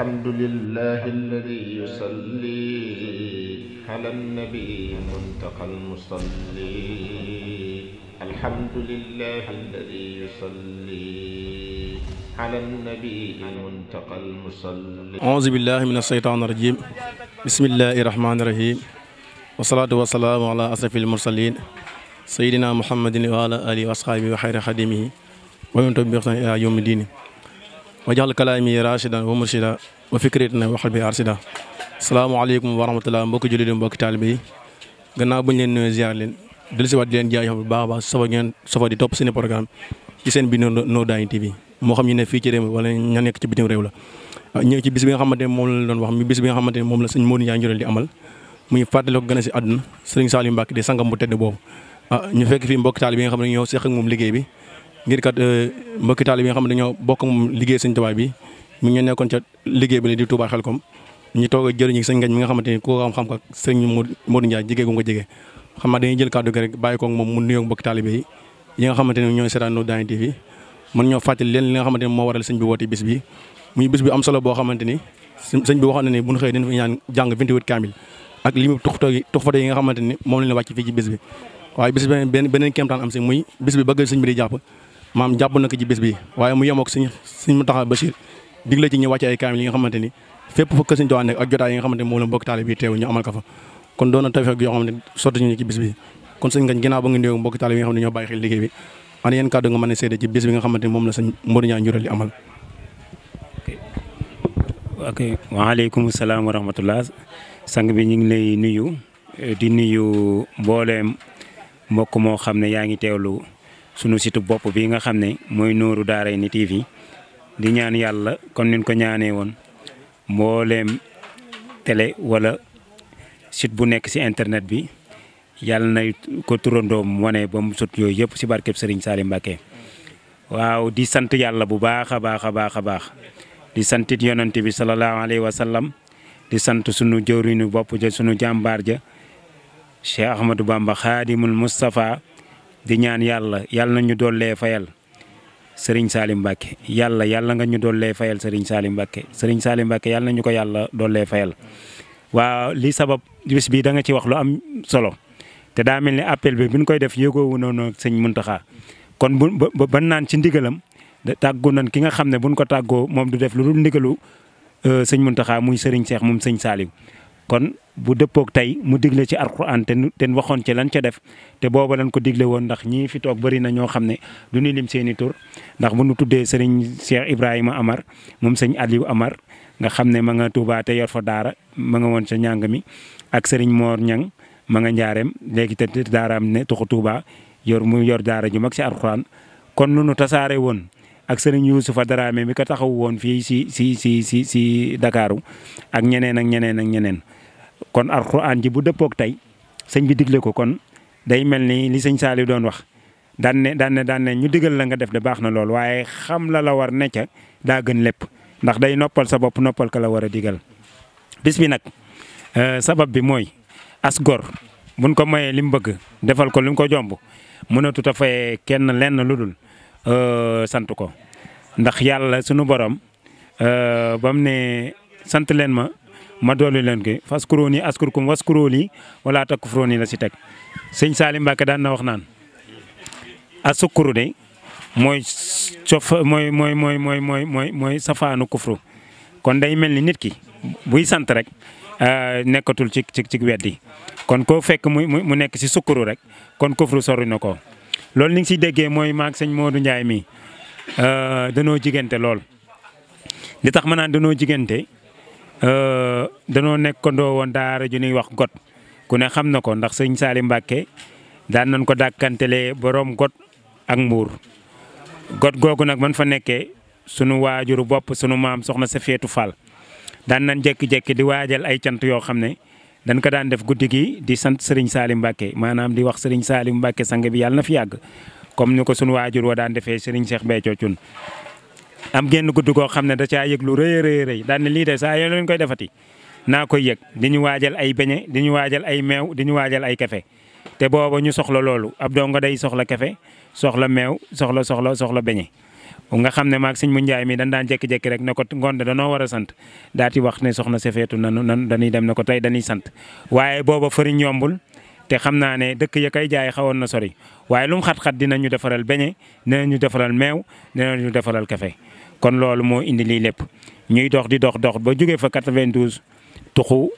الحمد لله الذي يصلي على النبي منتقى المصلي الحمد لله الذي يصلي على النبي منتقى المصلي أعوذ بالله من الشيطان الرجيم بسم الله الرحمن الرحيم والصلاة والسلام على أشرف المرسلين سيدنا محمد وعلى آله وأصحابه وخير خدمه ومن تبقى إلى يوم الدين wa jaxal kalaami rashidan wa murshida wa fikritan wa qalbi arsida salaamaaleykum wa rahmatulah mbokki jullit yi mbokki taalibe yi gannaaw bu ñu leen nuyoo ziar leen leen jaajëfal bu baax a baax safa ngeen safa di topp seen programme ci ña nekk ci bitim réew la. Ah, ñëw ci bis bi nga xamante ne moom la doon wax mi bis di amal muy fàttali ko gën a si àdduna sëriñ Saliou Mbacke di sangam bu tedd boobu ah ñu fekk fii mbokki taalibe yi nga xam ne ñoo seq ak moom liggéey bi ngir kat euh, mbokki taalibe yi nga xam ne dañoo bokk moom liggéey sëñ Tuubaa bi mi nekkoon ca liggéey bi la di ñu toog a jëriñu sëñ Ngañ mi nga xamante ni ko xam-xam ak sëñ Modou Ndiaye jege gu nga jege xam naa dañuy jël moom mu nuyoo mbokki nga xamante ne ñooy seetaan Nouur leen li nga xamante ne moo waral sëñ solo boo xamante ni sëñ bi waxoon na ne bu ñu xëyee dañu fa ñaan jàng 28 kaamil yi nga xamante ni moom lañu wàcc fii ci bis bi waaye bis bi beneen kéemtaan am si muy bis bi bëgg sëñ bi di maam jàpp na ko ci bis bi waaye mu yemook suñ suñ mu taxaw Bachir digle ci ñu wàcce ay kaamil yi nga xamante ni fépp fa Sëriñ Tuubaa nekk ak jotaay yi nga xamante ni moom la mbokk taalibe bi teew na tawfeex yoo xamante ni sotti ñu ci bis bi kon sëñ ngañ ginnaaw ba nga nuyoo mbokk taalibe yi nga xam ne ñoo bàyyi xel liggéey bi ana yéen kàddu nga mën a seede ci bis bi nga xamante ni moom la sëñ Modou Njural li amal ok salaam wa rahmatullah sang bi ñu ngi lay nuyu di nuyu mbooleem mbokk moo xam ne yaa ngi teewlu sunu situ bop bi nga xamne moy nooru daara ni TV di ñaan yalla kon niñ ko ñaané won mbolem télé wala site bu nekk si internet bi yalla na ko dom wane ba mu sut yoy yep ci barke Serigne Salim mbake waaw di sante yalla bu baakha baakha baakha baax di sante yonante bi sallallahu alaihi wasallam di sante sunu jëwriñu bop je sunu jambarja je Cheikh Ahmadou Bamba Khadimul Mustafa di ñaan yàlla yàlla na ñu doon lee fayal sëriñ saalim Mbacke yàlla yàlla nga ñu doon lee fayal sëriñ Salim Mbacke sëriñ Salim Mbacke yàlla na ñu ko yàlla lee fayal. waaw li sabab bis bi da nga ci wax lu am solo te daa mel ni appel bi bu ñu koy def yëgoowu noonu sëñ muntaxaa kon bu ba ban naan ci ndigalam tàggu nan ki nga xam ne buñ ko tàggoo moom du def lu dul ndigalu euh, sëñ Muntaxa muy sëriñ Seex moom sëñ saalim kon. bu dëppook tey mu digle ci alquran te te waxoon ci lan ca def te booba lañ ko digle woon ndax ñii fi toog bëri na ñoo xam ne du ñu lim seen i ndax bu nu tuddee sëriñ Cheikh Ibrahima Amar moom sëñ Aliou Amar nga xam ne ma nga te yor fa daara ma nga woon sa ñàng mi ak sëriñ moor Ñang ma nga njaareem léegi te daaraam ne tuxu Touba yor mu yor daara ju mag si kon nu nu tasaare woon. ak sëriñ Youssoufa Dramé mi ko taxaw woon fii si si si si si Dakaaru ak ñeneen ak ñeneen ak ñeneen kon alxuraan ji bu dëppook tey sëñ bi digle ko kon day mel ni li sëñ Saliou doon wax daan ne daan ne daan ne ñu digal la nga def de baax na lool waaye xam la la war ne ca daa gën lépp ndax day noppal sa bopp noppal ka la war a digal. bis bi nag euh, sabab bi mooy as gor buñ ko moyee li mu bëgg defal ko li mu ko jomb mënatut a fay kenn lenn lu dul euh, sant ko ndax yàlla sunu borom euh, ba ne sant leen ma. ma dolli leen ko faskuróo nii askurkum waskuróo lii wala takfuroo nii la si teg sëñ Salim Mbacke daan na wax naan asukuru de mooy mooy mooy mooy mooy mooy mooy safaanu kufru kon day mel ni nit ki buy sant rek euh, nekkatul ci ci ci weddi kon koo fekk mu mu nekk si sukkuru rek kon kufru sori na ko loolu li nga siy déggee mooy maag sëñ Modou Ndiaye mi euh, danoo jigante lool li tax ma naan danoo jigante Euh, danoo nekkandoo woon daara ju ñuy wax got ku ne xam na ko ndax sëñ Saali Mbàkke daan nañ ko dàkkantelee borom got ak mbuur got googu nag man fa nekkee sunu waajuru bopp sunu maam soxna sa feetu Fall daan nañ jékki-jékki di waajal ay cant yoo xam ne dañ ko daan def guddi gi di sant Serigne Salim Mbacke maanaam di wax Serigne Salim Mbacke sang bi yàlla na fi yàgg comme ni ko sunu waajur wa daan defee Serigne Cheikh Béthio Thioune am genn gudd goo xam ne da caa yëg lu rëy rëy daan ne lii de saa yoo leen koy defati naa koy yëg di ñu waajal ay beñe di ñu waajal ay meew di ñu waajal ay kafe te booba ñu soxla loolu ab dongo day soxla kefe soxla meew soxla soxla soxla beñe nga xam ne maak sëñ mu njaay mii dañ daan jékki rek ne ko ngoon danoo war a sant daati wax ne soxna sefeetu nanu nan dañuy dem ne ko tey dañuy sant waaye booba fëriñ yombul te xam naa ne dëkk ya jaay xawoon na sori waaye lu mu xat-xat dinañu defaral beñe dinañu defaral meew dinañu defaral kafe kon loolu moo indi lii lépp ñuy dox di dox dox ba jógee fa 92 tuxu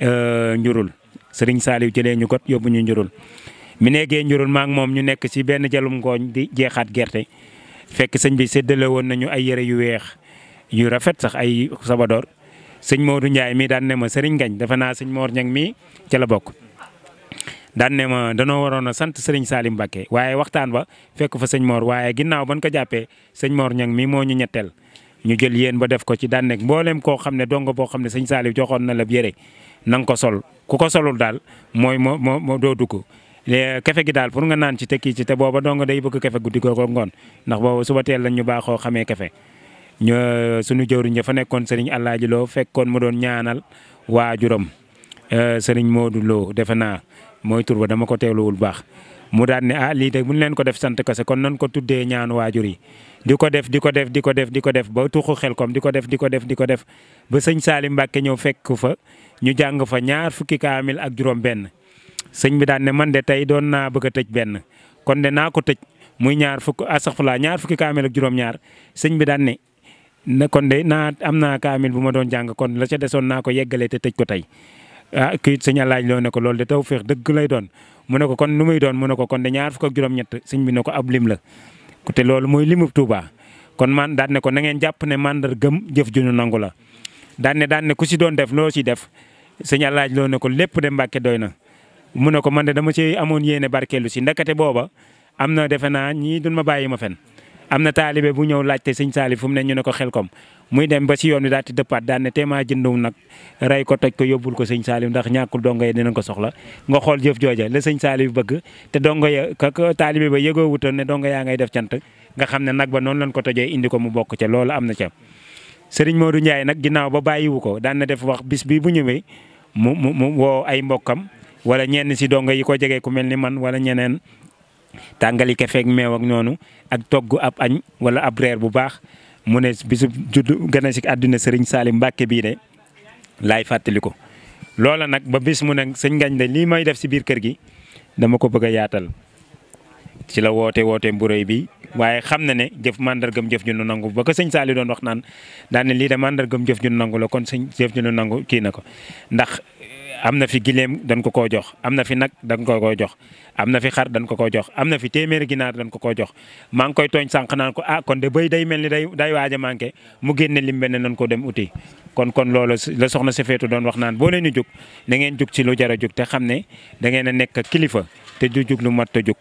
euh, njurul sëriñ Saaliw jëlee ñu kot yóbbu ñu njurul mu nekkee njurul maak moom ñu nekk si benn jalum ngooñ di jeexaat gerte fekk sëñ bi séddale woon nañu ay yére yu weex yu rafet sax ay sabadoor sëñ Modou Ndiaye mii daan ne ma sëriñ Ngañ dafa naa sëñ Mor Ñang mi ca la bokk daan ne danoo waroon a sant sëriñ Salim Mbacké waaye waxtaan ba fekk fa sëñ moor waaye ginnaaw ban ko jàppee sëñ moor ñang mii moo ñu ñetteel. ñu jël yéen ba def ko ci daan nekk mboolem koo xam ne dongo boo xam ne sëñ Salim joxoon na la yére na ko sol ku ko solul daal mooy moo moo doo dugg. Eh, kefe gi daal pour nga naan ci tekki ci te booba dongo day bëgg kefe guddi ko ngoon ndax booba suba teel lañ ñu baaxoo xamee kefe. ñu eh, suñu jëwriñ ja fa nekkoon sëriñ Alaaji loo fekkoon mu doon ñaanal waajuram eh, sëriñ moodu loo defe naa mooy tur ba dama ko teewluwul baax mu daal ne ah lii de bu ñu leen ko def sant se kon nan ko tuddee ñaan waajur yi di ko def di ko def di ko def di ko def ba tuxu xel kom di ko def di ko def di ko def ba sëñ Saali Mbàkke ñëw fekk fa ñu jàng fa ñaar fukki kaamil ak juróom benn sëñ bi daan ne man de tey doon naa bëgg a tëj benn kon de naa ko tëj muy ñaar fukk asaxfula ñaar fukki kaamil ak juróom-ñaar sëñ bi daan ne na kon de naa am naa kaamil bu ma doon jàng kon la ca desoon naa ko yeggale te tëj ko tey ah kayit sëñ laaj loo ne ko loolu de taw feex dëgg lay doon mu ne ko kon nu muy doon mu ne ko kon de ñaar fukk ak juróom-ñett sëñ bi ne ko ab lim la te loolu mooy limub Touba kon man daan ne ko na ngeen jàpp ne mandargam jëf ju ñu nangu la daan ne daan ne ku si doon def loo si def sëñ laaj loo ne ko lépp de Mbàkke doy na mu ne ko man de dama ci amoon yéene barkeelu si ndakate booba am na defe naa ñii duñ ma bàyyi ma fen am na taalibe bu ñëw laajte sëñ Salif fu mu ne ñu ne ko xelkom muy dem ba si yoon wi daal di dëppaat daan ne téemaa jëndum nag rey ko toj ko yóbbul ko sëñ Salif ndax ñàkkul dongo yi dinañ ko soxla nga xool jëf jooja la sëñ Salif bëgg te dongo ya ka taalibe ba yëgoo wutoon ne dongo yaa ngay def cant nga xam ne nag ba noonu lañ ko tojee indi ko mu bokk ca loolu am na ca Serigne Modou Ndiaye nag ginnaaw ba bàyyiwu ko daan na def wax bis bi bu ñëwee mu mu mu woo ay mbokkam wala ñenn si dongo yi ko jegee ku mel ni man wala ñeneen tàngali kefeeg meew ak noonu ak togg ab añ wala ab reer bu baax mu ne bisu judd gën si àdduna sëriñ Salim mbàkke bii de laay fàttali ko. loola nag ba bis mu ne sëñ ngañ de lii may def si biir kër gi dama ko bëgg a yaatal ci la woote woote bu rëy bi waaye xam na ne jëf mandargam jëf ju nu nangu ba ko sëñ Saali doon wax naan daan ne lii de mandargam jëf ju nu nangu la kon sëñ jëf ju nu nangu kii na ko ndax am na fi gileem dañ ko koo jox am na fi nag dañ ko koo jox am na fi xar dañ ko ko jox am na fi téeméer ginaar dañ ko koo jox maa ngi koy tooñ sànq naan ko ah kon de bëy day mel ni day day waaj a mu génne lim benn nañ ko dem uti. kon kon loolo la soxna si feetu doon wax naan boo leen di jug na ngeen jug ci lu jar a jug te xam ne da ngeen a nekk kilifa te ju jug lu mat a jug.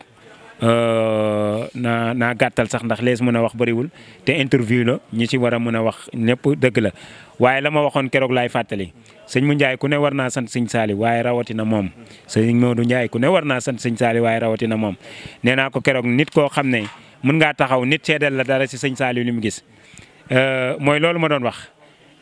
Euh, naa naa gàttal sax ndax lees mën a wax bëriwul te interview la ñi ci war a mën a wax ñëpp dëgg la waaye la ma waxoon keroog laay fàttali sëñ mu Ndiaye ku ne war naa sant sëñ Saali waaye rawatina moom sëñ Modou Ndiaye ku ne war naa sant sëñ waaye rawatina moom nee naa ko keroog nit koo xam ne mën ngaa taxaw nit seedal la dara si sëñ Saali li mu gis euh, mooy loolu ma doon wax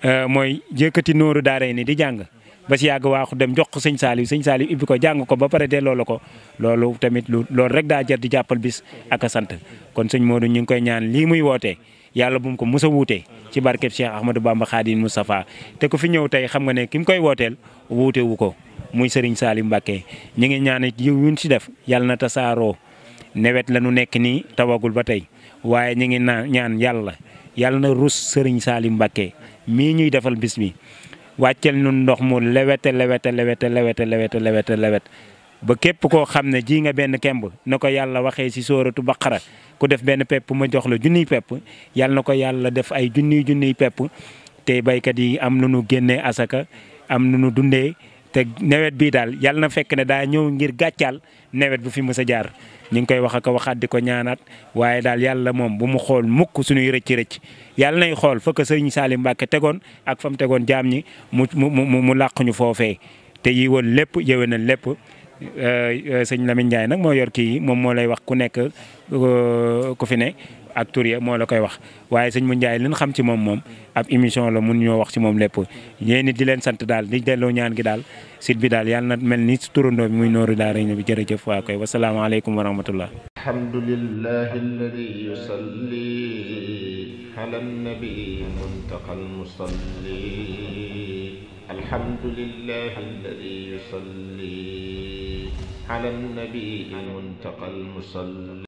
euh, mooy jëkkati nooru daara ni di jàng ba si yàgg waaxu dem jox ko sëñ Saliou sëñ Saliou ibbi ko jàng ko ba pare delloo la ko loolu tamit lu loolu rek daa jar di jàppal bis ak a sant kon sëñ Modou ñu ngi koy ñaan lii muy wootee yàlla bu mu ko mus a wuutee ci barkeb Cheikh Ahmadou Bamba Khadim Moustapha te ku fi ñëw tey xam nga ne ki mu koy wooteel wuute wu ko muy Serigne Saliou Mbacké ñu ngi ñaan it yiw yuñ si def yàlla na tasaaroo nawet la nu nekk nii tawagul ba tey waaye ñu ngi naan ñaan yàlla yàlla na rus Serigne Saliou Mbacké mii ñuy defal bis mi wàccel nun ndox mu lewete lewete lewete lewete lewete lewete lewet ba képp koo xam ne ji nga benn kemb na ko yàlla waxee si sóoratu baqara ku def benn pepp ma jox la junni pepp yàlla na ko yàlla def ay junni junni pepp tey baykat yi am nu nu génnee asaka am nu nu dundee te nawet bii daal yàlla na fekk ne daa ñëw ngir gàccaal nawet bu fi mës a jaar ñu ngi koy wax ak waxaat di ko ñaanaat waaye daal yàlla moom bu mu xool mukk suñuy rëcc-rëcc yàlla nay xool fa ko sëñ Salim Mbacke tegoon ak fa mu tegoon jaam ñi mu mu mu mu làq ñu foofee te yi woon lépp yëwee na lépp euh, euh, sëñ Lamine Ndiaye nag moo yor kii moom moo lay wax ku nekk euh, ku fi ne ak tur ya moo la koy wax waaye sañ Modou Ndiaye li xam ci moom moom ab émission la mun ñoo wax ci moom lépp yéen di leen sant daal di delloo ñaan gi daal site bi daal yàlla na mel ni si turandoo muy nooru daal rek bi jëf waa koy wasalaamaaleykum wa rahmatullah alhamdulillahi alladi yusalli